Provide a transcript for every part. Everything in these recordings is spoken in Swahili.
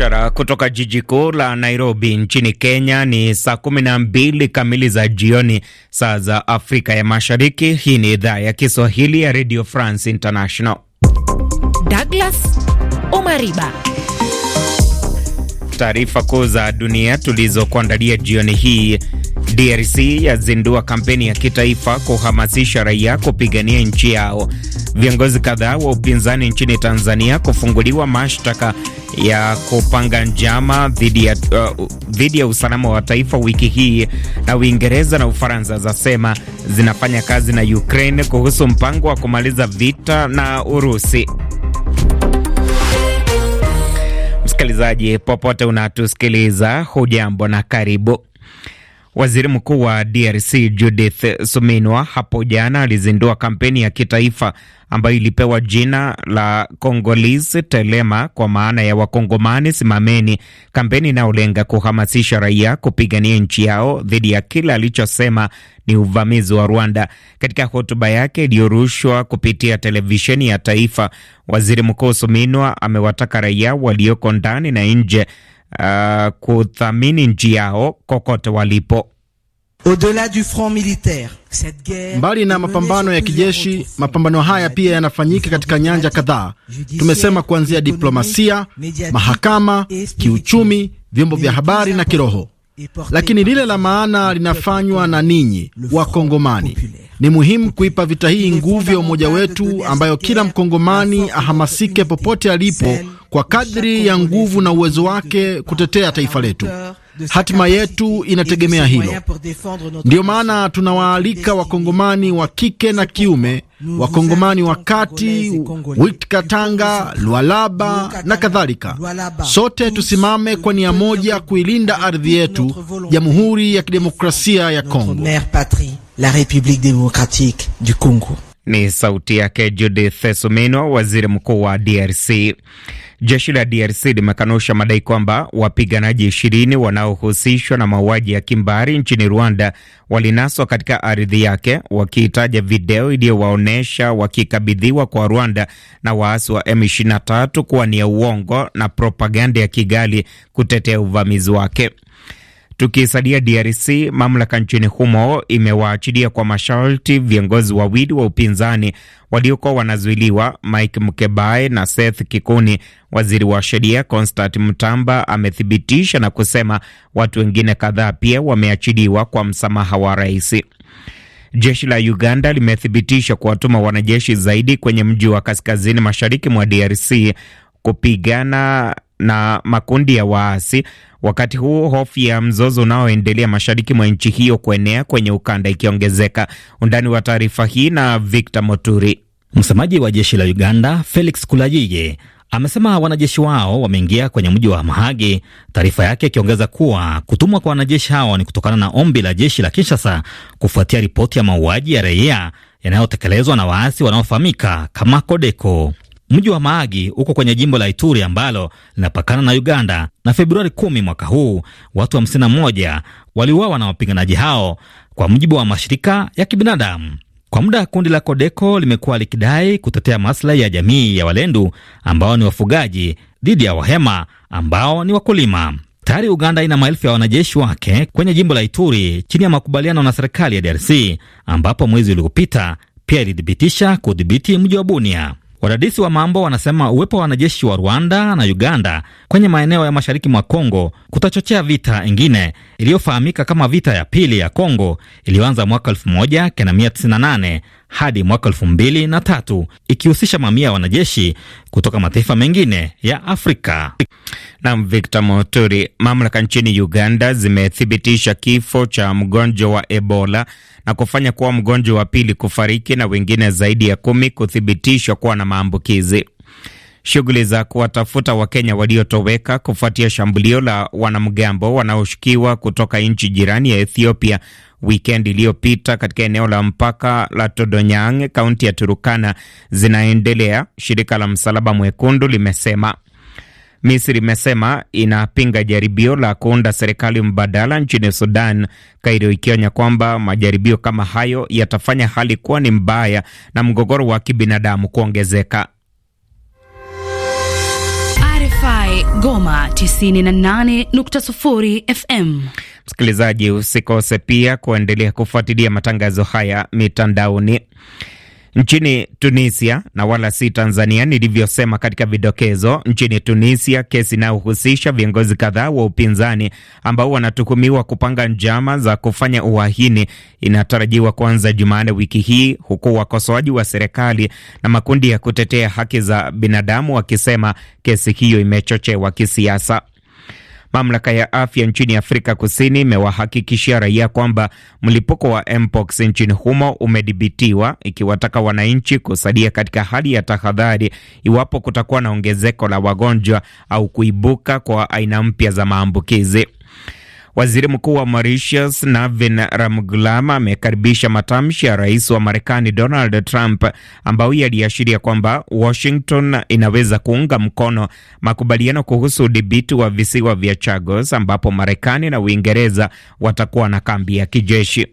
mubashara kutoka jiji kuu la Nairobi nchini Kenya. Ni saa kumi na mbili kamili za jioni, saa za Afrika ya Mashariki. Hii ni idhaa ya Kiswahili ya Radio France International. Douglas Omariba, taarifa kuu za dunia tulizokuandalia jioni hii. DRC yazindua kampeni ya kitaifa kuhamasisha raia kupigania nchi yao. Viongozi kadhaa wa upinzani nchini Tanzania kufunguliwa mashtaka ya kupanga njama dhidi ya, uh, usalama wa taifa wiki hii, na Uingereza na Ufaransa zasema zinafanya kazi na Ukraine kuhusu mpango wa kumaliza vita na Urusi. Msikilizaji popote unatusikiliza, hujambo na karibu. Waziri Mkuu wa DRC Judith Suminwa hapo jana alizindua kampeni ya kitaifa ambayo ilipewa jina la Congolese Telema, kwa maana ya Wakongomani simameni, kampeni inayolenga kuhamasisha raia kupigania nchi yao dhidi ya kile alichosema ni uvamizi wa Rwanda. Katika hotuba yake iliyorushwa kupitia televisheni ya taifa, Waziri Mkuu Suminwa amewataka raia walioko ndani na nje uh, kuthamini nchi yao kokote walipo. Mbali na mapambano ya kijeshi, mapambano haya pia yanafanyika katika nyanja kadhaa. Tumesema kuanzia diplomasia, mahakama, kiuchumi, vyombo vya habari na kiroho. Lakini lile la maana linafanywa na ninyi Wakongomani. Ni muhimu kuipa vita hii nguvu ya umoja wetu, ambayo kila Mkongomani ahamasike popote alipo kwa kadri ya nguvu na uwezo wake kutetea taifa letu. Hatima yetu inategemea hilo. Ndiyo maana tunawaalika wakongomani wa kike na kiume, wakongomani wa kati, Witkatanga, Lwalaba na kadhalika, sote tusimame kwa nia moja kuilinda ardhi yetu, Jamhuri ya Kidemokrasia ya Kongo. Ni sauti yake Judith Suminwa, waziri mkuu wa DRC. Jeshi la DRC limekanusha madai kwamba wapiganaji ishirini wanaohusishwa na mauaji ya kimbari nchini Rwanda walinaswa katika ardhi yake, wakiitaja video iliyowaonyesha wakikabidhiwa kwa Rwanda na waasi wa M23 kuwa ni ya uongo na propaganda ya Kigali kutetea uvamizi wake. Tukisalia DRC, mamlaka nchini humo imewaachilia kwa masharti viongozi wawili wa upinzani waliokuwa wanazuiliwa, Mike Mkebae na Seth Kikuni. Waziri wa sheria Constant Mtamba amethibitisha na kusema watu wengine kadhaa pia wameachiliwa kwa msamaha wa rais. Jeshi la Uganda limethibitisha kuwatuma wanajeshi zaidi kwenye mji wa kaskazini mashariki mwa DRC kupigana na makundi ya waasi, wakati huu hofu ya mzozo unaoendelea mashariki mwa nchi hiyo kuenea kwenye ukanda ikiongezeka. Undani wa taarifa hii na Victor Moturi. Msemaji wa jeshi la Uganda Felix Kulajije amesema wanajeshi wao wameingia kwenye mji wa mahagi taarifa yake ikiongeza kuwa kutumwa kwa wanajeshi hao ni kutokana na ombi la jeshi la Kinshasa kufuatia ripoti ya mauaji ya raia yanayotekelezwa na waasi wanaofahamika kama Kodeko. Mji wa Maagi uko kwenye jimbo la Ituri ambalo linapakana na Uganda, na Februari kumi mwaka huu watu 51 wa waliuawa na wapiganaji hao, kwa mujibu wa mashirika ya kibinadamu. Kwa muda kundi la Kodeko limekuwa likidai kutetea maslahi ya jamii ya Walendu ambao ni wafugaji dhidi ya Wahema ambao ni wakulima. Tayari Uganda ina maelfu ya wanajeshi wake kwenye jimbo la Ituri chini ya makubaliano na serikali ya DRC ambapo mwezi uliopita pia ilithibitisha kudhibiti mji wa Bunia. Wadadisi wa mambo wanasema uwepo wa wanajeshi wa Rwanda na Uganda kwenye maeneo ya mashariki mwa Kongo kutachochea vita ingine iliyofahamika kama vita ya pili ya Kongo iliyoanza mwaka 1998 hadi mwaka elfu mbili na tatu ikihusisha mamia ya wanajeshi kutoka mataifa mengine ya Afrika. Nam Victor Moturi. Mamlaka nchini Uganda zimethibitisha kifo cha mgonjwa wa Ebola na kufanya kuwa mgonjwa wa pili kufariki na wengine zaidi ya kumi kuthibitishwa kuwa na maambukizi. Shughuli za kuwatafuta Wakenya waliotoweka kufuatia shambulio la wanamgambo wanaoshukiwa kutoka nchi jirani ya Ethiopia wikendi iliyopita katika eneo la mpaka la Todonyang, kaunti ya Turukana zinaendelea, shirika la Msalaba Mwekundu limesema. Misri imesema inapinga jaribio la kuunda serikali mbadala nchini Sudan, Kairo ikionya kwamba majaribio kama hayo yatafanya hali kuwa ni mbaya na mgogoro wa kibinadamu kuongezeka. RFI Goma 98.0 FM. Msikilizaji, usikose pia kuendelea kufuatilia matangazo haya mitandaoni. Nchini Tunisia na wala si Tanzania, nilivyosema katika vidokezo, nchini Tunisia kesi inayohusisha viongozi kadhaa wa upinzani ambao wanatuhumiwa kupanga njama za kufanya uhaini inatarajiwa kuanza Jumanne wiki hii, huku wakosoaji wa serikali na makundi ya kutetea haki za binadamu wakisema kesi hiyo imechochewa kisiasa. Mamlaka ya afya nchini Afrika Kusini imewahakikishia raia kwamba mlipuko wa mpox nchini humo umedhibitiwa, ikiwataka wananchi kusalia katika hali ya tahadhari iwapo kutakuwa na ongezeko la wagonjwa au kuibuka kwa aina mpya za maambukizi. Waziri Mkuu wa Mauritius Navin Ramgoolam amekaribisha matamshi ya rais wa Marekani Donald Trump ambayo yaliashiria kwamba Washington inaweza kuunga mkono makubaliano kuhusu udhibiti wa visiwa vya Chagos ambapo Marekani na Uingereza watakuwa na kambi ya kijeshi.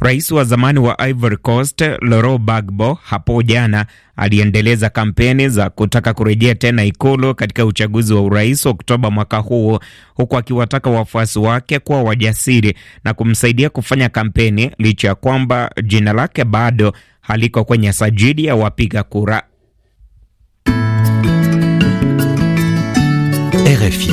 Rais wa zamani wa Ivory Coast Laurent Gbagbo hapo jana aliendeleza kampeni za kutaka kurejea tena ikulu katika uchaguzi wa urais Oktoba mwaka huo, huku akiwataka wafuasi wake kuwa wajasiri na kumsaidia kufanya kampeni licha ya kwamba jina lake bado haliko kwenye sajili ya wapiga kura. RFI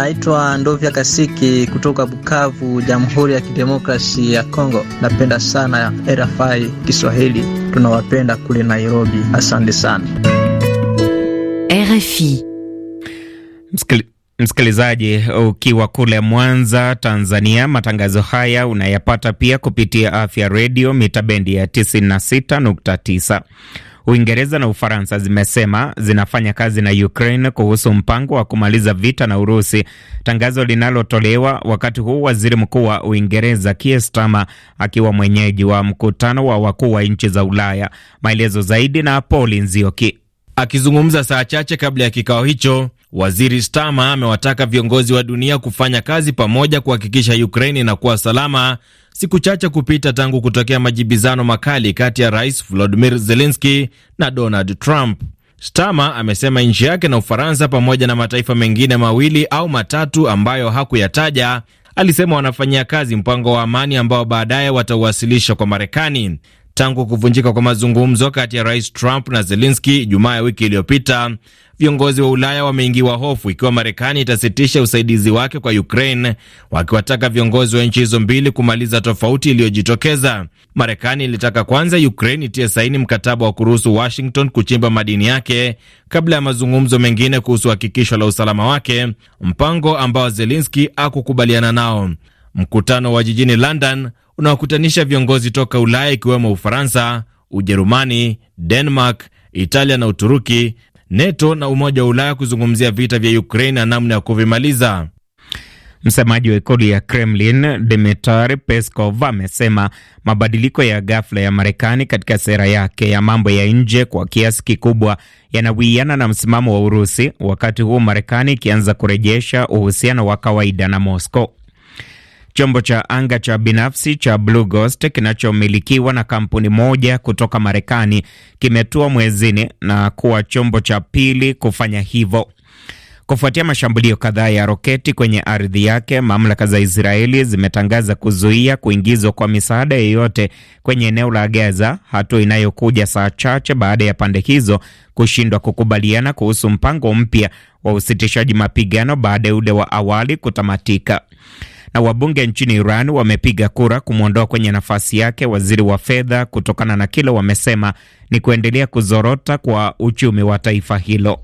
Naitwa Ndovya Kasiki kutoka Bukavu, Jamhuri ya Kidemokrasi ya Kongo. Napenda sana RFI Kiswahili, tunawapenda kule Nairobi. Asante sana RFI. Mskili. Msikilizaji, ukiwa kule Mwanza, Tanzania, matangazo haya unayapata pia kupitia Afya Redio mita bendi ya 96.9. Uingereza na Ufaransa zimesema zinafanya kazi na Ukraine kuhusu mpango wa kumaliza vita na Urusi, tangazo linalotolewa wakati huu waziri mkuu wa Uingereza Keir Starmer akiwa mwenyeji wa mkutano wa wakuu wa nchi za Ulaya. Maelezo zaidi na Paul Nzioki. Akizungumza saa chache kabla ya kikao hicho, waziri Starmer amewataka viongozi wa dunia kufanya kazi pamoja kuhakikisha Ukraine inakuwa salama siku chache kupita tangu kutokea majibizano makali kati ya rais Volodymyr zelenski na Donald Trump. Stama amesema nchi yake na Ufaransa pamoja na mataifa mengine mawili au matatu ambayo hakuyataja, alisema wanafanyia kazi mpango wa amani ambao baadaye watauwasilisha kwa Marekani. Tangu kuvunjika kwa mazungumzo kati ya rais Trump na Zelenski Jumaa ya wiki iliyopita, viongozi wa Ulaya wameingiwa hofu ikiwa Marekani itasitisha usaidizi wake kwa Ukraine, wakiwataka viongozi wa nchi hizo mbili kumaliza tofauti iliyojitokeza. Marekani ilitaka kwanza Ukraine itie saini mkataba wa kuruhusu Washington kuchimba madini yake kabla ya mazungumzo mengine kuhusu hakikisho la usalama wake, mpango ambao Zelenski akukubaliana nao. Mkutano wa jijini London unawakutanisha viongozi toka Ulaya ikiwemo Ufaransa, Ujerumani, Denmark, Italia na Uturuki, NATO na Umoja wa Ulaya kuzungumzia vita vya Ukraine na namna ya kuvimaliza. Msemaji wa ikulu ya Kremlin Dmitry Peskov amesema mabadiliko ya ghafla ya Marekani katika sera yake ya mambo ya nje kwa kiasi kikubwa yanawiana na msimamo wa Urusi, wakati huu Marekani ikianza kurejesha uhusiano wa kawaida na Moscow. Chombo cha anga cha binafsi cha Blue Ghost kinachomilikiwa na kampuni moja kutoka Marekani kimetua mwezini na kuwa chombo cha pili kufanya hivyo. Kufuatia mashambulio kadhaa ya roketi kwenye ardhi yake, mamlaka za Israeli zimetangaza kuzuia kuingizwa kwa misaada yoyote kwenye eneo la Gaza, hatua inayokuja saa chache baada ya pande hizo kushindwa kukubaliana kuhusu mpango mpya wa usitishaji mapigano baada ya ule wa awali kutamatika na wabunge nchini Iran wamepiga kura kumwondoa kwenye nafasi yake waziri wa fedha kutokana na kile wamesema ni kuendelea kuzorota kwa uchumi wa taifa hilo.